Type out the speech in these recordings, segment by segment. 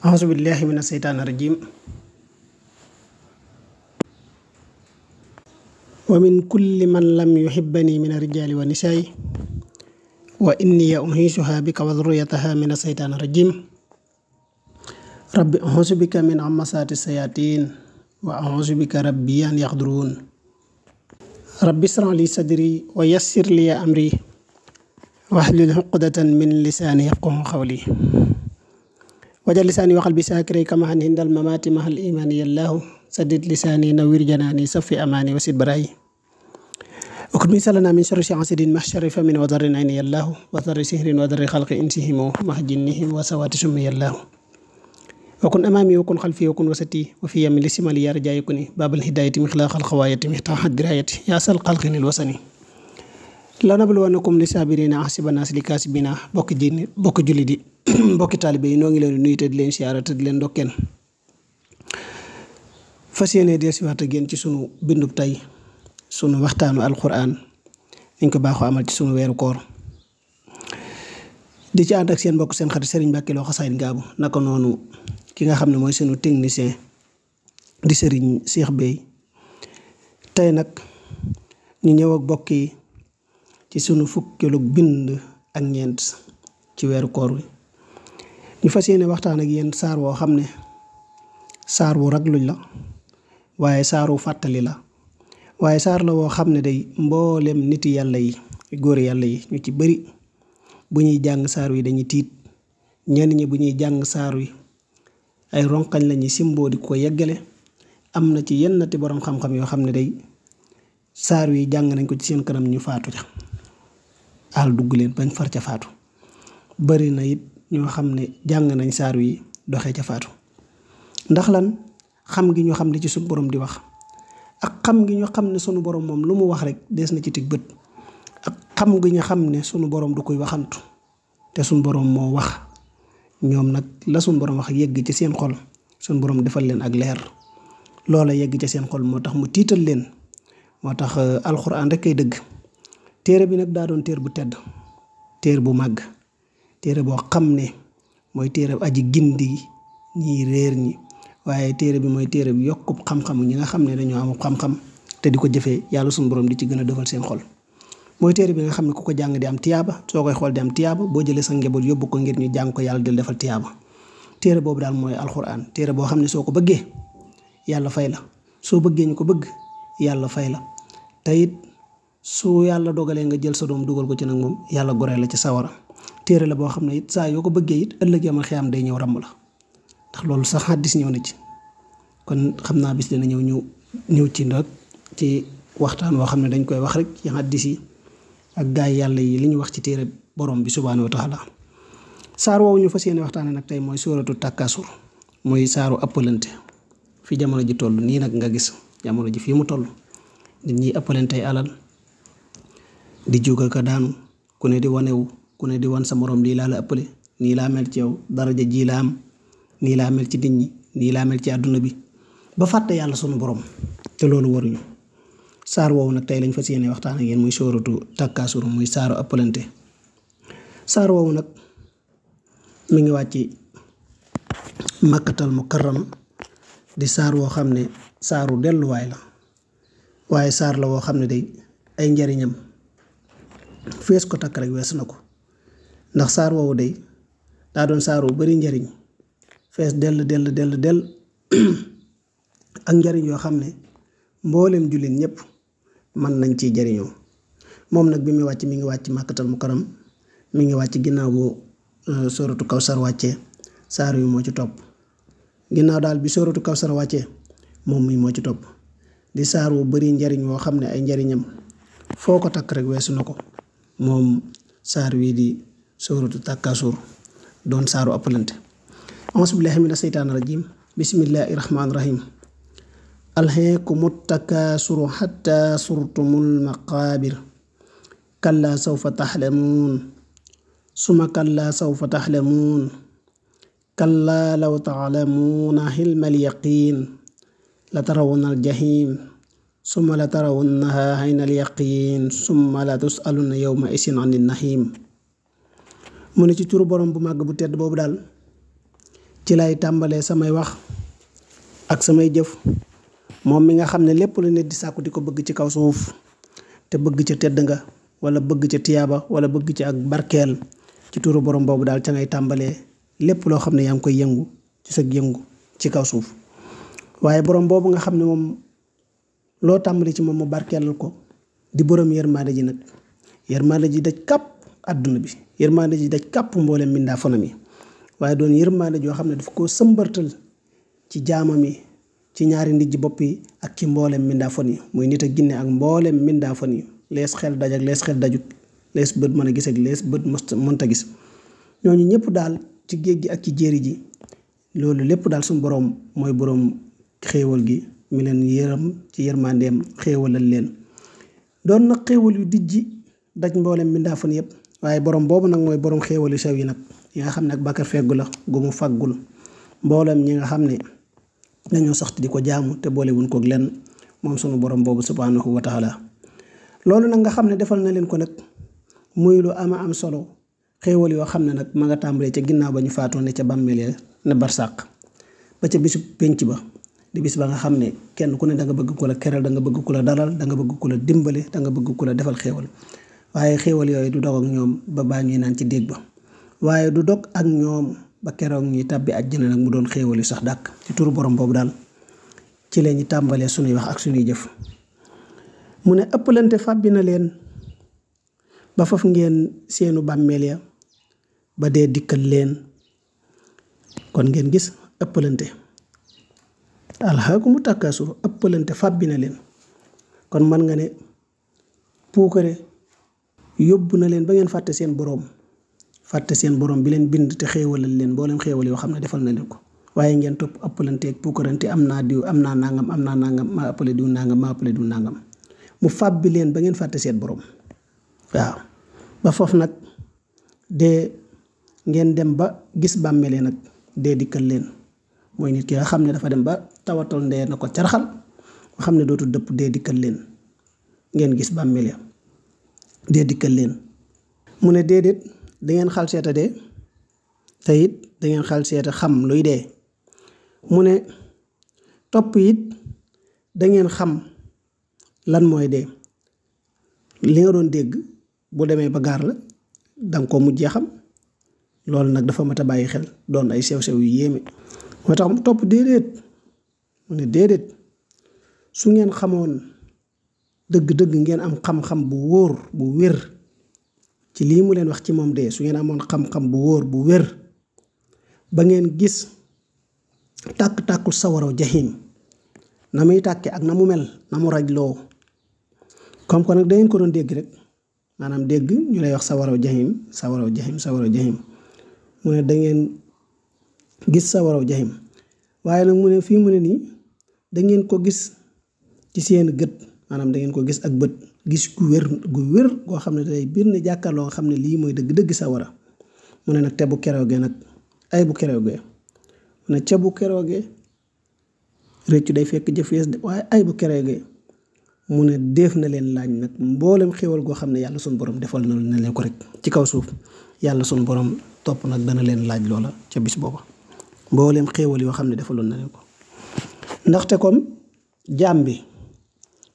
auzu billaahi mina seytaani rajiim wa min kulli man lam yuhibbani min rijaali wa nisaay wa inni uhiisuha bika wa durriyataha mina seytaani rajiim rabbi auzu bika min amasaati sayaatiin wa auzu bika rabbi an yaxduruun rabbi israh li sadri wa yassir li amri wahlul uqdatan min lisaani yafqahu qawli wajal lisaani waxal bi saakiri kamaxan hindal mamaati mahal imaani yallaahu saddid lisaani nawir janaani safi amaani wasid barayi okut mi salana min sharri hasidin mahshari famin wa darrin ayni yallaahu wa darri sihrin wa darri xalqi insihimu mah wa sawaati summi yallaahu وكن أمامي وكن خلفي وكن وسطي وفي يمين لسمالي يا رجايكني باب الهداية مخلاق الخواية مفتاح الدراية يا سل قلقني الوسني لنبلونكم لسابرين أحسب الناس لكاسبنا mbokki taalibe yi noo ngi leen di nuyu te di leen siyaara te di leen ndokkeen fas yéene dee si waxta génn ci suñu bindub tey sunu waxtaanu alquran niñ ko baaxoo amal ci suñu weeru koor di ci ànd ak seen mbokk seen xarit Serigne Mbacke Lo Xassida Ngabou naka noonu ki nga xam ne mooy sunu technicien di Serigne Cheikh Bey tey nag ñu ñëw ak bokk yi ci sunu fukkeelu bind ak ñeent ci weeru koor wi ñu fas yéene waxtaan ak yéen saar woo xam ne saar wu ragluñ la waaye saar wu fàttali la waaye saar la woo xam ne day mboolem nit yàlla yi góor yàlla yi ñu ci bëri bu ñuy jàng saar wi dañuy tiit ñenn ñi bu ñuy jàng saar wi ay ronkañ lañuy simboo di ko yeggale am na ci yenn ti boroom xam-xam yoo xam ne day saar wi jàng nañ ko ci seen kanam ñu faatu ca àll dugg leen bañ far ca faatu bari na it ñoo xam ne jàng nañ saar wi doxee ca faatu ndax lan xam gi ñu xam li ci suñu borom di wax ak xam gi ñu xam ne sunu borom moom lu mu wax rek dees na ci tig bët ak xam gi ñu xam ne sunu borom du koy waxantu te sunu borom moo wax ñoom nag la sunu borom wax yegg ci seen xol sunu borom defal leen ak leer loola yegg ci seen xol moo tax mu tiital leen moo tax euh, alxuraan rek kay dëgg téere bi nag daa doon téer bu tedd téer bu màgg téere boo xam ne mooy téere aji gindi ñi réer ñi waaye téere bi mooy téere bi yokkub xam-xam ñi nga xam ne dañoo amub xam-xam te di ko jëfee yàlla suñu borom di ci gën a defal seen xol mooy téere bi nga xam ne ku ko jàng di am tiyaaba soo koy xool di am tiyaaba boo jëlee sa njaboot yóbbu ko ngir ñu jàng ko yàlla di defal tiyaaba téere boobu daal mooy alxuraan téere boo xam ne soo ko bëggee yàlla fay la soo bëggee ñu ko bëgg yàlla fay la te su yàlla dogalee nga jël sa doom dugal ko ci nag yàlla goree la ci sawara téere la boo xam ne it saa yoo ko bëggee it ëllëg yamal xiyaam day ñëw ràmm la ndax loolu sax xaddis ñëw na ci kon xam naa bis dina ñëw ñu ñëw ci nag ci waxtaan woo xam ne dañ koy wax rek ci xaddis yi ak gaay yàlla yi li ñu wax ci téere borom bi subhaanahu wa taala saar woowu ñu fa yéene waxtaane nag tey mooy sóoratu tàkkaasur mooy saaru ëppalante fi jamono ji toll nii nag nga gis jamono ji fi mu toll nit ñi ëppalante alal di jóg ko daanu ku ne di wanewu ku ne di wan sa moroom lii laa la ëppale nii laa mel ci yow daraja ji laa am nii laa mel ci nit ñi nii laa mel ci àdduna bi ba fàtte yàlla sunu borom te loolu waruñu saar woowu nag tey lañ fa yéene waxtaan a ngeen muy sóoratu takkaasur muy saaru ëppalante saar nag mi ngi wàcc makkatal mukarram di saar woo xam ne saaru delluwaay la waaye saar la woo xam ne day ay njariñam fees ko takk rek wees na ko ndax saar woowu day daa doon saar wu bari njariñ fees dell dell dell dell ak njariñ yoo xam ne mboolem jullit ñépp mën nañ ci jariñoo moom nag bi muy wàcc mi ngi wàcc màkkatal mukaram mu ngi wàcc ginnaaw bu euh, kaw sar wàcce saar yu moo ci topp ginnaaw daal bi kaw sar wàcce moom mi moo ci topp di saar wu bari njariñ woo xam ne ay njariñam foo ko takk rek weesu na ko moom saar wii di suuratu tàkkaasuur doon saaru appalante auzu billaahi mina seytaani rajiim bismillaahi rahmaani rahiim alhaakumu takaasuru xatta surtumul maqaabir kallaa law taxlamuuna xilmal yaqiin la tarawna aljahiim suma la tarawnahaa xayna alyaqiin summa la tusaluna yowma isin an mu ne ci turu borom bu màgg bu tedd boobu daal ci lay tàmbalee samay wax ak samay jëf moom mi nga xam ne lépp la nit di sàkku di ko bëgg ci kaw suuf te bëgg ca tedd nga wala bëgg ca tiyaaba wala bëgg ca ak barkeel ci turu borom boobu daal ca ngay tàmbalee lépp loo xam ne yaa ngi koy yëngu ci sa yëngu ci kaw suuf waaye borom boobu nga xam ne moom loo tàmbali ci moom mu barkeelal ko di borom yërmaande ji nag yërmaande ji daj kapp àdduna bi yërmaande ji daj kàpp mboolem mbindaa yi waaye doon yërmaande joo xam ne dafa koo sëmbartal ci jaamam yi ci ñaari ndijji bopp yi ak ci mboolem mbindaa fan yi muy nit ak ginne ak mboolem mbindaa fan yi xel daj ak lees xel dajut lees bët a gis ak lees bët mënta gis ñooñu ñëpp daal ci géej gi ak ci jéeri ji loolu lépp daal suñu boroom mooy boroom xéewal gi mi leen yërëm ci yërmandeem xéewalal leen doon na xéewal yu dijji daj mboolem mbindaa fan waaye borom boobu nag mooy boroom xéewali sew yi nag yi nga xam ne ak bàkkar feggu la gu mu faggul mboolem ñi nga xam ne nañoo saxti di ko jaamu te boolewuñ kook lenn moom sunu borom boobu subhanahu wa taala loolu nag nga xam ne defal na leen ko nag muy lu ama am solo xéewal yoo xam ne nag ma nga tàmbalee ca ginnaaw ba ñu faatoo ne ca bàmmeelee ne barsàq ba ca bisu pénc ba di bis ba nga xam ne kenn ku ne da nga bëgg ko la keral da nga bëgg ko la dalal da nga bëgg ku la dimbale da nga bëgg ku la defal xéewal waaye xéewal yooyu du dog ak ñoom ba baa ñuy naan ci déeg ba waaye du dog ak ñoom ba keroog ñuy tàbbi àjjana nag mu doon xéewal yu sax dàq ci turu borom boobu daal ci la ñu tàmbalee suñuy wax ak suñuy jëf mu ne ëppalante fàbbi na leen ba ngeen seenu bàmmeel ya ba dee dikkal leen kon ngeen gis ëppalante alxaakumu tàkkaasur ëppalante fàbbi na leen kon man nga ne puukare yóbbu na leen ba ngeen fàtte seen boroom fàtte seen boroom bi leen bind te xéewalal leen boo leen xéewal yoo xam ne defal na leen ko waaye ngeen topp ëppalanteeg puukarante am naa diw am naa nangam am naa nangam maa ëppale diw nangam maa ëppale diw nangam mu fàbbi leen ba ngeen fàtte seen boroom waaw ba foofu nag dee ngeen dem ba gis bàmmelee nag dee dikkal leen mooy nit ki nga xam ne dafa dem ba tawatal ndee na ko carxal nga xam ne dootul dëpp dee dikkal leen ngeen gis bàmmelee dee dikkal leen mu ne déedéet dangeen xal seeta de te it dangeen xal seeta xam luy de mu ne topp it dangeen xam lan mooy dee li nga doon dégg bu demee ba gaar la danga ko mujjee xam loolu nag dafa mat a bàyyi xel doon ay sew-sew yu yéeme moo tax mu topp déedéet mu ne déedéet su ngeen xamoon dëgg-dëgg ngeen am xam-xam bu wóor bu wér ci lii mu leen wax ci moom de su ngeen amoon xam-xam bu wóor bu wér ba ngeen gis tàkk-tàkkul sawaraw jahim na muy tàkkee ak na mu mel na mu raj loo comme que nag dangeen ko doon dégg rek maanaam dégg ñu lay wax sawaraw jahim sawaraw jahim sawaraw jahim mu ne dangeen gis sawaraw jahim waaye nag mu ne fii mu ne nii dangeen ko gis ci seen gët maanaam da ngeen ko gis ak bët gis gu wér gu wér goo xam ne day biir ne jàkkaarloo nga xam ne lii mooy dëgg-dëgg sawara mu ne nag te bu keroogee nag ay bu keroogee mu ne ca bu keroogee rëccu day fekk jëf yees waaye ay bu keroogee mu ne def na leen laaj nag mboolem xewal goo xam ne yàlla sunu borom defal na leen ko rek ci kaw suuf yàlla sunu borom topp nag dana leen laaj loola ca bis booba mbooleem xéwal yoo xam ne defaloon na leen ko ndaxte comme jaam bi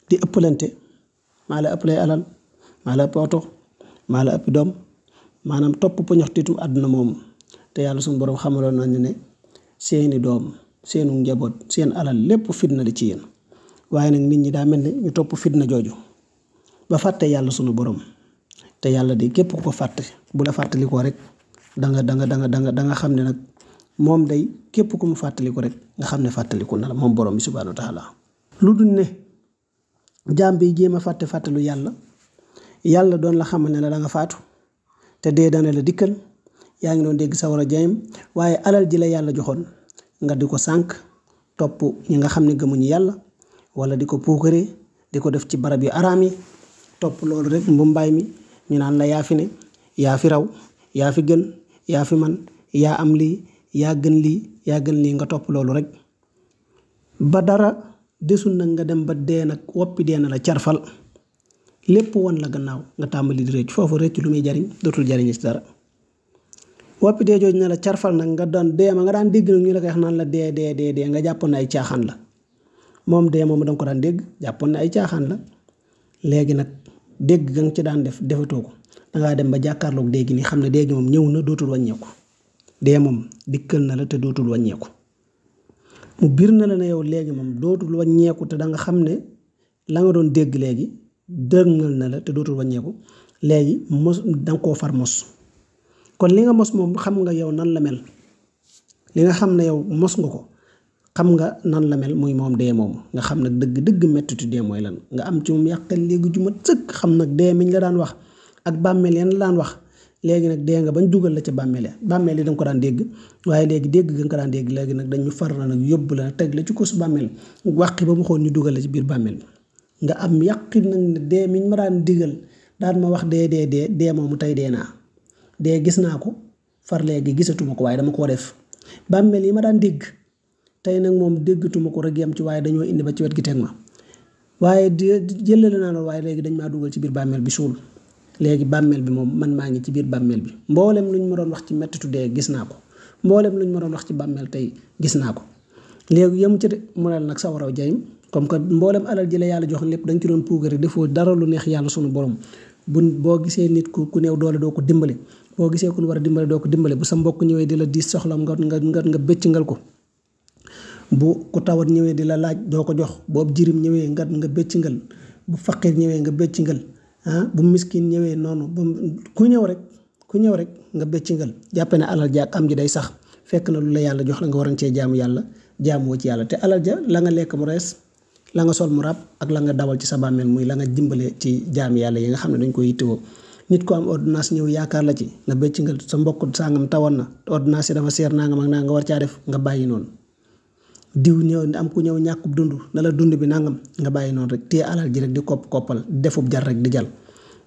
di ëppalante maa la ëppale alal maa la ëpp oto maa la ëpp doom maanaam topp po ñox àdduna moomu te yàlla suñu borom xamaloon nañu ne seeni doom seenu njaboot seen alal lépp fitna di ci yéen waaye nag nit ñi daa mel ni ñu topp fitna jooju ba fàtte yàlla suñu borom te yàlla de képp ko fàtte bu la fàttalikoo rek da nga da nga da xam ne nag moom day képp ku mu fàttaliku rek nga xam ne fàttaliku na moom borom bi subhaanahu wa lu dul ne jaam bi jéem a fàtte fàttalu yàlla yàlla doon la xamal ne la da faatu te dee dana la dikkal yaa ngi doon dégg sawar a jayam waaye alal ji la yàlla joxoon nga di ko sànq topp ñi nga xam ne gëmuñu yàlla wala di ko puukare di ko def ci barab yu araam yi topp loolu rek mbumbaay mi ñu naan la yaa fi ne yaa fi raw yaa fi gën yaa fi man yaa am lii yaa gën lii yaa gën lii nga topp loolu rek desul nag nga dem ba dee nag woppi dee na la carfal lépp won la gannaaw nga tàmbali di rëcc foofu rëcc lu muy jariñ dootul jariñ ci dara woppi dee jooju na la carfal nag nga daan dee ma nga daan dégg nag ñu naan la dee dee nga jàppoon na ay caaxaan la moom dee moom da nga ko daan dégg jàppoon na ay caaxaan la léegi nag dégg ga nga ci daan def defatoo ko dangaa dem ba jàkkaarloog dee gi xam ne dee moom ñëw na dootul wàññeeku dee moom dikkal na la te dootul wàññeeku mu bir na la na yow léegi moom dootul wàññeeku te da nga xam ne la nga doon dégg léegi dërngal na la te dootul wàññeeku léegi mos da nga far mos kon li nga mos moom xam nga yow nan la mel li nga xam ne yow mos nga ko xam nga nan la mel muy moom dee moom nga xam ne dëgg dëgg mettitu dee mooy lan nga am ci moom yàqal léegi ju mat sëkk xam nag dee miñ la daan wax ak bàmmeel yan la daan wax léegi nag dee nga bañ dugal la ca bàmmeel bàmmeel yi da ko daan dégg waaye léegi dégg nga ko daan dégg léegi nag dañu far la nag yóbbu la teg la ci kuus bàmmeel wàqi ba mu xool ñu dugal la biir bàmmeel nga am yàqin nag ne dee miñ ma daan digal daan ma wax dee dee dee dee moomu tey dee naa dee gis naa ko far léegi gisatuma ko waaye dama koo def bàmmeel yi ma daan dégg tey nag moom déggatuma ko rek yam ci dañoo indi ba ci wet gi teg ma waaye jëlale naa la waaye léegi dañ maa dugal ci biir bàmmeel bi suul léegi bàmmeel bi moom man maa ngi ci biir bàmmeel bi mboolem lu ñu ma doon wax ci mettitu dee gis naa ko mboolem lu ñu ma doon wax ci bàmmeel tey gis naa ko léegi yem ci de mu ne nag sa waraw jayim comme que mboolem alal jële la yàlla joxoon lépp da ci doon puugari defoo dara lu neex yàlla sunu borom bu boo gisee nit ku ku néew doole doo ko dimbale boo gisee ku war a dimbale doo ko dimbale bu sa mbokk ñëwee di la diis soxlam nga nga nga nga bëccangal ko bu ku tawat ñëwee di la laaj doo ko jox boobu jirim ñëwee nga nga bëccangal bu faqir ñëwee nga bëccangal ah bu miskin ñëwee noonu ba ku ñëw rek ku ñëw rek nga bëccingal jàppe ne alal jaak am ji day sax fekk na lu la yàlla jox la nga waroon cee jaamu yàlla jaamuwoo ci yàlla te alal ja la nga lekk mu rees la nga sol mu rab ak la nga dawal ci sa bàmmeel muy la nga dimbale ci jaam yàlla yi nga xam ne dañ koy yittewoo nit ko am ordonnance ñëw yaakaar la ci nga bëccingal sa mbokk sàngam tawan na ordonnance yi dafa seer nangam ak naa nga war caa def nga bàyyi noonu diw ñëw am ku ñëw ñàkkub dund na la dund bi nangam nga bàyyi noonu rek téye alal ji rek di kopp koppal defub jar rek di jal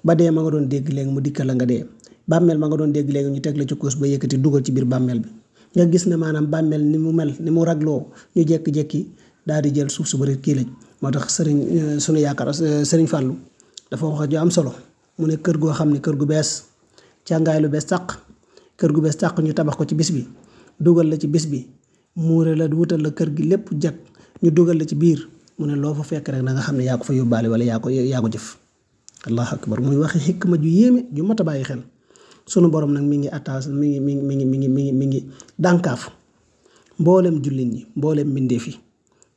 ba dee ma nga doon dégg léegi mu dikkal la nga dee bàmmeel ma nga doon dégg léegi ñu teg la ci kuus ba yëkkati dugal ci biir bàmmeel bi nga gis ne maanaam bàmmeel ni mu mel ni mu ragloo ñu jekki-jekki daal di jël suuf su bëri kii lañ moo tax sëriñ euh, sunu yaakaar euh, sëriñ Fàllu dafa wax a ju am solo mu ne kër goo xam ne kër gu bees càngaay lu bees sàq kër gu bees sàq ñu tabax ko ci bis bi dugal la ci bis bi muure la wutal la kër gi lépp jag ñu dugal la ci biir mu ne loo fa fekk rek na nga xam ne yaa ko fa yóbbaale wala yaa ko yaa ko jëf allahu akbar muy waxe xikma ju yéeme ju mat bàyyi xel sunu borom nag mi ngi attaas mi ngi mi ngi mi ngi mi ngi mi ngi mi ngi mboolem jullit ñi mboolem mbindeef yi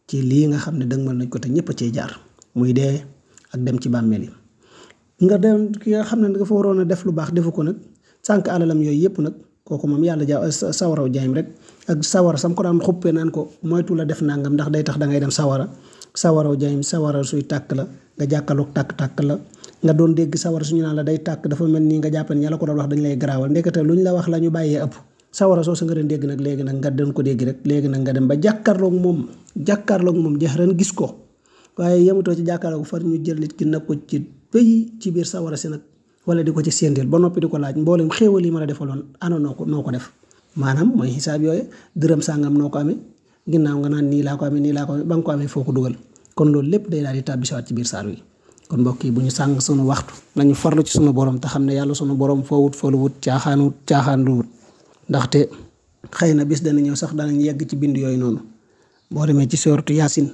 ci lii nga xam ne dëgmal nañ ko ñëpp a cee jaar muy dee ak dem ci bàmmeel yi nga dem ki nga xam ne dafa waroon a def lu baax defu ko nag sànq alalam yooyu yëpp nag kooku moom yàlla jaaw sawaraw jaayam rek ak sawara sam ko daan xuppee naan ko moytu la def nangam ndax day tax da ngay dem sawara sawaraw sawara suy tàkk la nga jàkkaarloog tàkk-tàkk la nga doon dégg sawara suñu naa la day tàkk dafa mel nii nga jàpp ña la ko doon wax dañ lay garaawal ndekete lu ñu la wax la ñu bàyyee ëpp sawara soo nga doon dégg nag léegi nag nga doon ko dégg rek léegi nag nga dem ba jàkkaarloog moom jàkkaarloog moom jeex ren gis ko waaye yemutoo ci jàkkaarloog far ñu jël nit ki nag ko ci béy ci biir sawara si nag wala di ko ci séndil ba noppi di ko laaj mboolem xéewal yi ma la defaloon ana noo ko noo ko def maanaam mooy xisaab yooyu dërëm sàngam noo ko amee ginnaaw nga naan nii laa ko amee nii laa ko amee ba nga ko amee foo ko dugal kon loolu lépp day daal di tàbbisiwaat ci biir saal wi kon mbokk yi bu ñu sàng sunu waxtu nañu farlu ci sunu borom te xam ne yàlla sunu borom foo wut foo wut caaxaan wut caaxaan lu ndaxte xëy na bis dana ñëw sax danañ yegg ci bind yooyu noonu boo demee ci sooratu yaasin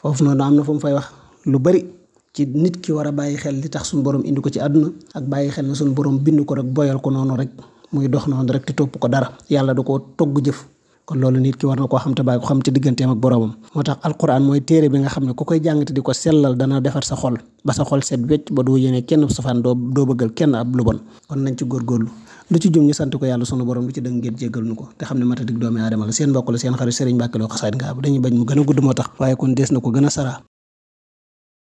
foofu noonu am na fu mu fay wax lu bari ci nit ki war a bàyyi xel li tax suñu borom indi ko ci àdduna ak bàyyi xel na suñu borom bind ko rek boyal ko noonu rek muy dox noonu rek topp ko dara yàlla da ko togg jëf kon loolu nit ki war na koo xam te bàyyi ko xam ci digganteem ak boromam moo tax alquran mooy téere bi nga xam ne ku koy jàng te di ko sellal dana defar sa xol ba sa xol set wecc ba doo yéene kenn safaan doo doo bëggal kenn ab lu bon kon nañ ci góorgóorlu lu ci jum ñu sant ko yàlla sunu borom lu ci dëng ngeen jéggal nu ko te xam ne matadik doomi aadama la seen mbokk la seen xarit Serigne Mbacke Lo a a saraa